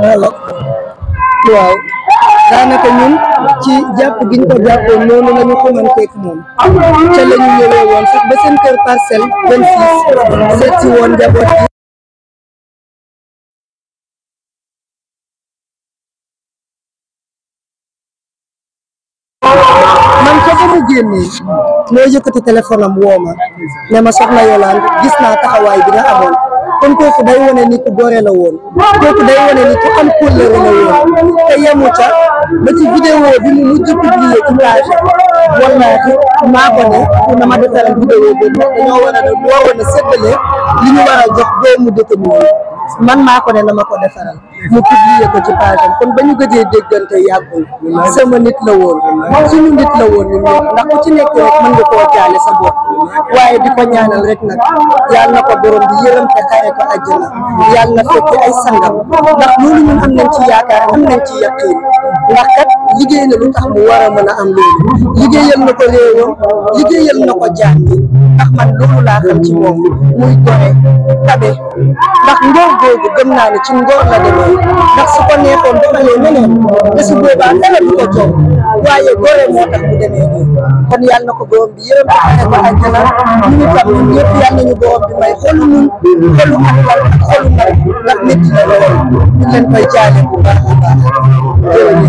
voilà waaw daanaka ñun ci jàpp gi ñu ko jàppoon noonu la ñu xamanteeg moom ca la ñu ñëwee woon sax ba seen kër parcelle 26 seet woon njaboot yi génne moo yëkkati téléphone am woo ma ne ma soxna gis naa taxawaay bi nga amoon kon kooku day wane ni ku kooku day wane ni ku am kóllëre la woon te yemu ca ba ci vidéo bi mu mujj publier ci page wallaahi maa ko ne pour na ma defaral vidéo boobu dañoo war a doon war a séddale li ñu war a jox doomu détenu man maa ko ne na ma ko defaral mu publier ko ci page kon ba ñu gëjee déggante yàggul sama nit la woon suñu nit la woon ñun ñëpp ndax ku ci nekk rek mën nga koo jaale sa bopp waaye di ko ñaanal rek nag yàlla na ko borom bi yërëm te xare ko àjjana yàlla na fekk ay sangam ndax loolu ñun am nañ ci yaakaar am nañ ci yaqiin ndax kat liggéey na lu tax mu war a mën a am loolu liggéeyal na ko réewam liggéeyal na ko jaan ndax man loolu laa xam ci moom muy gore liggéey bi gëm naa ne ci ngóor la demee ndax su ko neexoon doxalee neneen te su boobaa dara du ko coow waaye góore moo tax bu demee nii kon yàlla na ko borom bi yërëm te ko àjjana ñu ngi tam ñun ñëpp yàlla nañu borom bi may xolu ñun xolu ak wal ak xolu nag ndax métti na lool ñu leen koy jaale bu baax a baax jërëjëf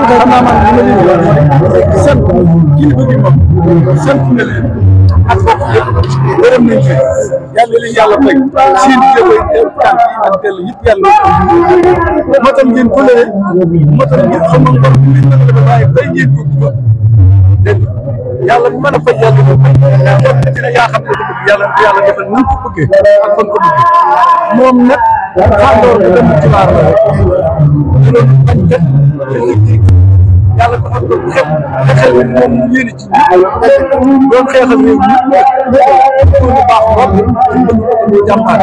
loolu kay xam naa man li ma leen yoon sant kilifa gi moom sant na leen ak bokk yëpp gërëm nañ fi yàlla leen yàlla teg seen jéego tànk yi ak dell yëpp yàlla matam ngeen bëlëre matam ngeen xam nga ngor bi liñ la defal waaye bay ngeen ko dugal dégg yàlla mën a faj yàlla ko faj yàlla dina yaa xam ne ko bëgg yàlla yàlla defal nan ko bëggee ak fan ko bëggee moom nag xàndoor bi dem ci waar la loolu bañ def dañuy dégg yàlla ko am loolu xew te xew bi moom yéene ci ñun doon xeexal réew mi pour bu baax bopp ñu jàmbaar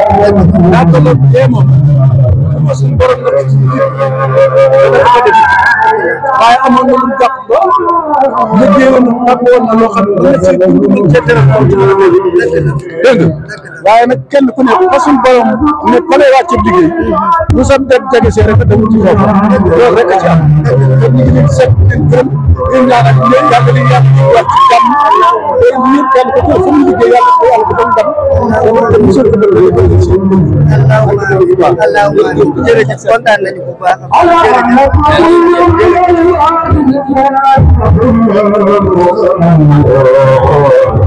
daa tolloon dee moom ma suñu borom la ci biir dana ko def waaye amoon na lu jàpp ba liggéeyoon na woon na loo xam ne la ci dégg nga waaye nag kenn ku ne fa suñ borom ne ko lay wàcc liggéey lu sa def jege see rek demul ci foofu loolu rek a ci am kon ñu ngi leen seet leen gërëm leen ñaanal leen yàgg leen yàgg ci wàcc jàmm te ñun kenn ku ne fu mu liggéey yàlla ko yàlla defal ndam te mu sori ko def dañuy bëri si jërëjëf kontaan nañu bu baax jërëjëf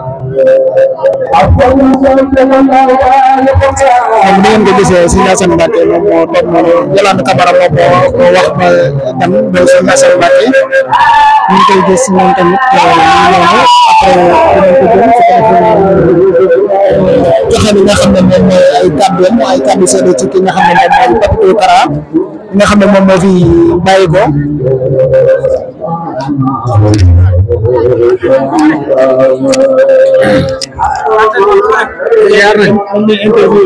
ak ni ngeen ko gisee Serigne Assane Mbacké moom moo toog noonu Jolande Kabara moom moo wax ba dem ba Serigne Assane Mbacké ñu ngi koy gis moom tamit noonu euh, après dinañ ko jëm su ko joxe li nga xam ne moom mooy ay kàddu ay kàddu seede ci ki nga xam ne moom mooy Papito Kara ki nga xam ne moom moo fi bàyyi ko yaar nañ interview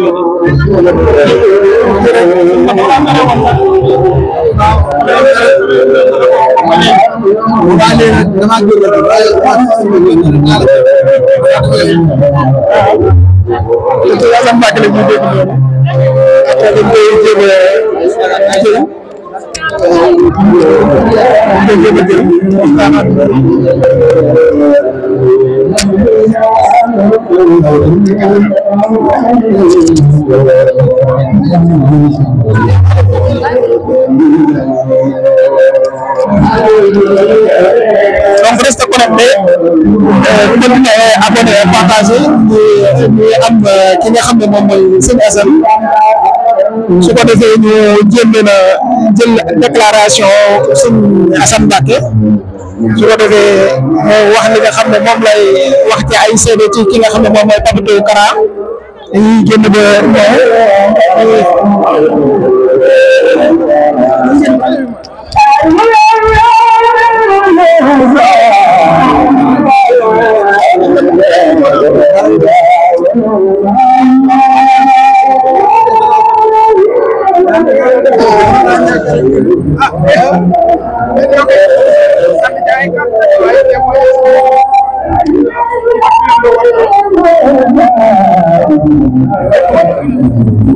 donc reste connecté euh, continuer euh, abonné euh, partager am ki nga xam ne moom mooy seen Assane su ko defee ñu jéem na jël déclaration sëñ Assane Mbacké su ko defee wax li nga xam ne moom lay wax ci ay seede ci ki nga xam ne moom mooy Papito Kara dañuy génn ba ñëw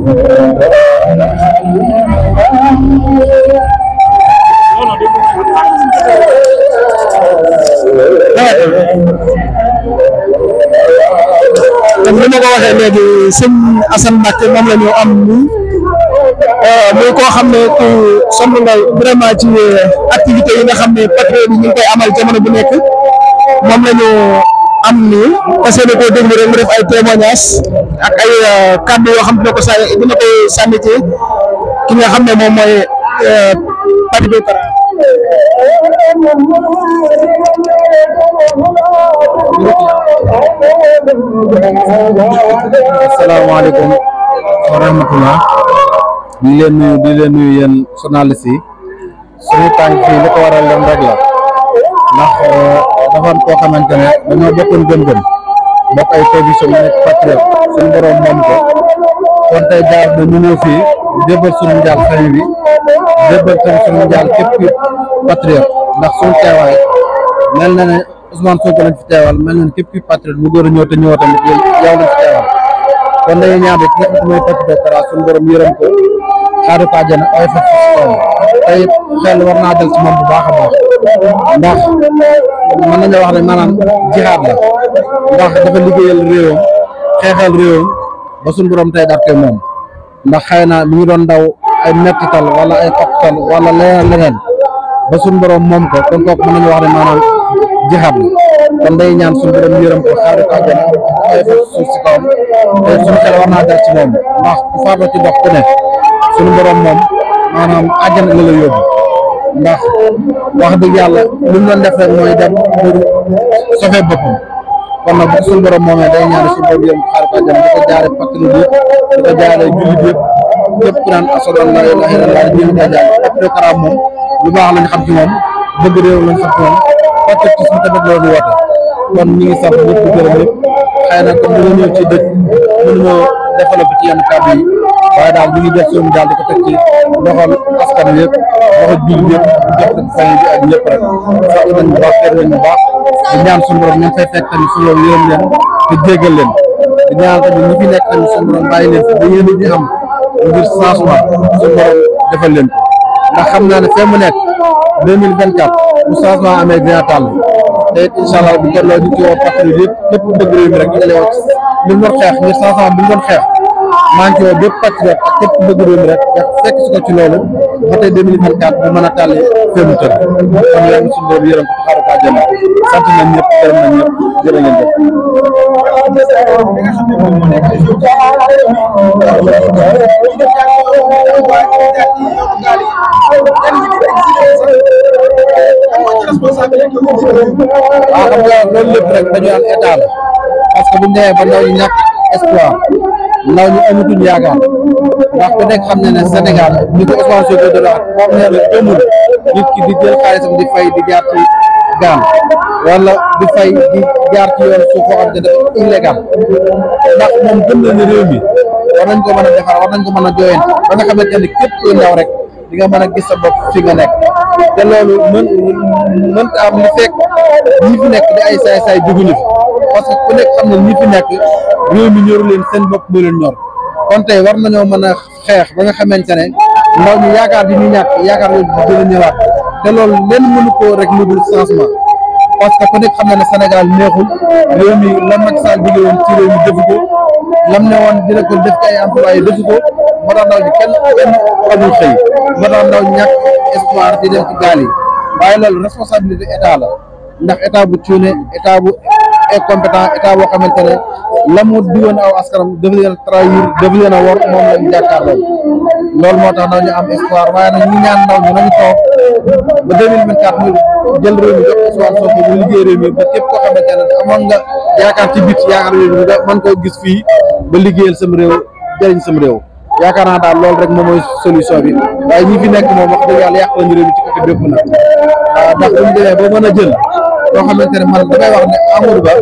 comme ni ma ko waxee léegi sëñ Assane Mbacke moom la am nii euh, muy koo xam ne ku sonn nga vraiment ci euh, activité yi nga xam ne patriote ñu ngi koy amal jamono bu nekk moom la am nii parce que da déglu rek mu def ay témoignages. ak ay euh, kàddu yoo xam dina ko sa dina ki nga xam ne moom mooy euh, Pape Diouf Kara asalaamaaleykum wa rahmatullah di leen di leen nuyu yéen journaliste yi suñu tànk fii ko waral leen rek la ndax euh, dafa koo xamante ne dañoo bokkoon gëm-gëm mbokk ay conditions yu nekk patriote suñu borom moom ko kon tey jaar na ñu ñëw fii jébbal suñu njaal xëy wi jébbal tam suñu njaal képp képp patriote ndax suñu teewaay mel na ne Ousmane Sonko lañ fi teewal mel na ne képp képp patriote bu góor a ñëw te ñëw tamit yow lañ fi teewal kon dañuy ñaan rek mooy patriote Kara suñu borom yërëm ko xaaru ko ay fa tey xel war naa dal ci bu baax a baax ndax. mën nañoo wax ne maanaam jihaad la ndax dafa liggéeyal réewam xeexal réewam ba suñu borom tey daf moom ndax xëy naa mi ngi doon daw ay mettital wala ay xoktal wala leneen leneen ba suñu borom moom ko kon kooku mën nañu wax ne maanaam jihaad la kon day ñaan suñu borom yërëm ko xaaru ko àjjana ay fa suuf si kawam te suñu xel war naa dal ci moom ndax maanaam àjjana la la yóbbu ndax wax dëgg yàlla lu mu doon def rek mooy dem pour sauver boppam kon nag bu suñu borom moomee day ñaan suñu borom yëpp xaar ko jëm di ko jaare fàttali bi di ko jaare jullit yëpp ñëpp ku naan asadu an laa ilaaha illallaah di ko jaare après Kara moom lu baax lañ xam ci moom bëgg réew lañ xam ci moom fàtte ci suñu tamit loolu woote kon ñi ngi sax ñëpp di gërëm ñëpp xëy na comme ñu ñëw ci dëkk mënuñoo développé ci yenn kàddu yi waaye daal ñu ngi def suñu daal di ko teg ci loxol askan loxo biir yëpp jox ko famille bi ak ñëpp rek sax nañ bu baax teeru nañ bu baax di ñaan suñu borom leen te jéggal leen fi nekk tamit suñu borom bàyyi leen fi ba yéen a di am ngir changement suñu borom defal leen ko ndax xam naa ne fee mu nekk deux mille vingt quatre bu changement amee dina tàll te it bu tolloo ñu ci woo partenaire yëpp képp ku bëgg réew mi rek ñu ngi ngir changement bi mu doon xeex maa ngi ci woo bépp patriote ak képp bëgg réew mi rek a tàllee fee dañu am état la parce que ba ndaw ñàkk espoir ndaw ñu amatuñ yaakaar ndax ku nekk xam na Sénégal ni ko Ousmane Sonko doon wax moom nee na amul nit ki di jël xaalisam di fay di jaar gaan wala di fay di jaar ci yoon suuf boo xam ne dafa illégal ndax moom gëm na ne réew mi war nañ ko mën a defar war nañ ko mën a jooyante ba nga xamante ne képp kuy ndaw rek di nga mën a gis sa bopp fi nga nekk. te loolu mën mënta am li fekk ñi fi nekk di ay saay-saay juguñu fi parce que ku nekk xam ne ñi fi nekk réew mi ñoru leen seen bopp moo leen ñor kon tey war nañoo mën a xeex ba nga xamante ne ndaw ñu yaakaar di ñu ñàkk yaakaar la dina ñëwaat te loolu leen mënu rek lu dul changement parce que ku nekk xam na ne Sénégal neexul réew mi lan Macky Sall jóge woon ci réew mi defu ko lam ne woon dina ko def ay employé defu ko moo tax ndaw ñi kenn kenn xamul xëy moo tax ndaw ñàkk espoir di dem ci gaal yi waaye loolu ndax état bu cuune état bu et compétent état boo xamante ne la mu diwoon aw askanam daf leen trahir daf leen a wor moom lañ jàkkaarloo loolu moo tax nañu am espoir waaye ñu ñaan ndaw ñu ba deux mille vingt quatre ñu jël réew mi jox Ousmane yaakaar ci bit yaakaar réew mi nga mën gis fii ba liggéeyal sam réew jëriñ sam réew yaakaar naa daal loolu rek moom mooy solution bi waaye ñi fi nekk moom wax dëgg yàlla yàq lañu ci côté bépp nag ndax bu ñu demee ba mën a jël yoo xamante ne maanaam damay wax ne Amadou Ba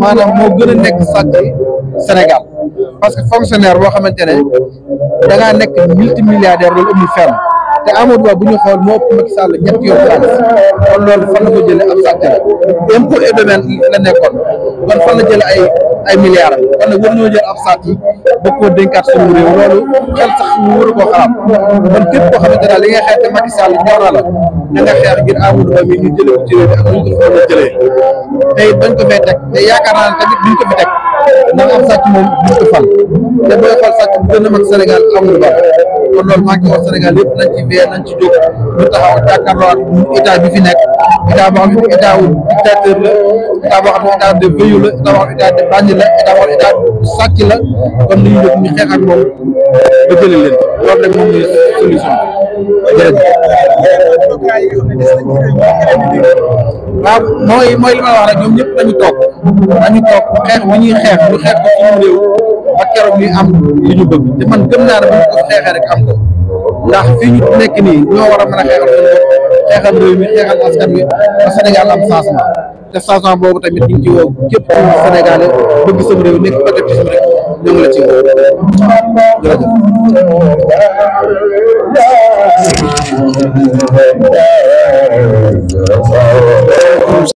maanaam moo gën a nekk sàcc Sénégal parce que fonctionnaire boo xamante ne da ngaa nekk multimilliardaire loolu te Amadou Ba bu ñu xool moo ëpp Macky Sall ñetti yoon xaalis kon fan la ko jëlee ab sàcc la impôt la nekkoon kon fan la jëlee ay ay milliards kon nag war ñoo jël ab ba koo dénkaat suñu réew loolu xel sax ñu war a koo xalaat kon képp koo xamante li ngay xeex te Macky Sall na nga xeex ngir Amadou Ba mii ñu jëlee ko ci réew mi ak ñu ko foog a jëlee te it bañ ko fee teg te yaakaar naa ne tamit duñ ko fi teg ndax am sàcc moom duñ ko fal te booy fal sàcc bu gën a mag Sénégal Amadou Ba kon loolu maa ngi wax Sénégal yëpp nañ ci veillé nañ ci jóg ñu taxaw jàkkaarloo ak état bi fi nekk état boo xam ne état wu dictateur la état boo xam ne état de veyu la état la état boo xam ne état sàcc la kon li ñu jóg ñu xeex ak moom ba jëlee leen loolu rek moom mooy solution waaw mooy mooy li ma wax rek ñoom ñëpp dañu toog dañu toog xeex bu ñuy xeex ñu xeex ko suñu réew ba keroog ñuy am li ñu bëgg te man gëm naa ne bu ñu ko xeexee rek am ko ndax fii ñu nekk nii ñoo war a a xeexal suñu bopp xeexal réew mi am changement te changement boobu tamit ñu ci woo képp ku bëgg sam réew nekk bëgg ci sam réew ñu ngi la ci woo jërëjëf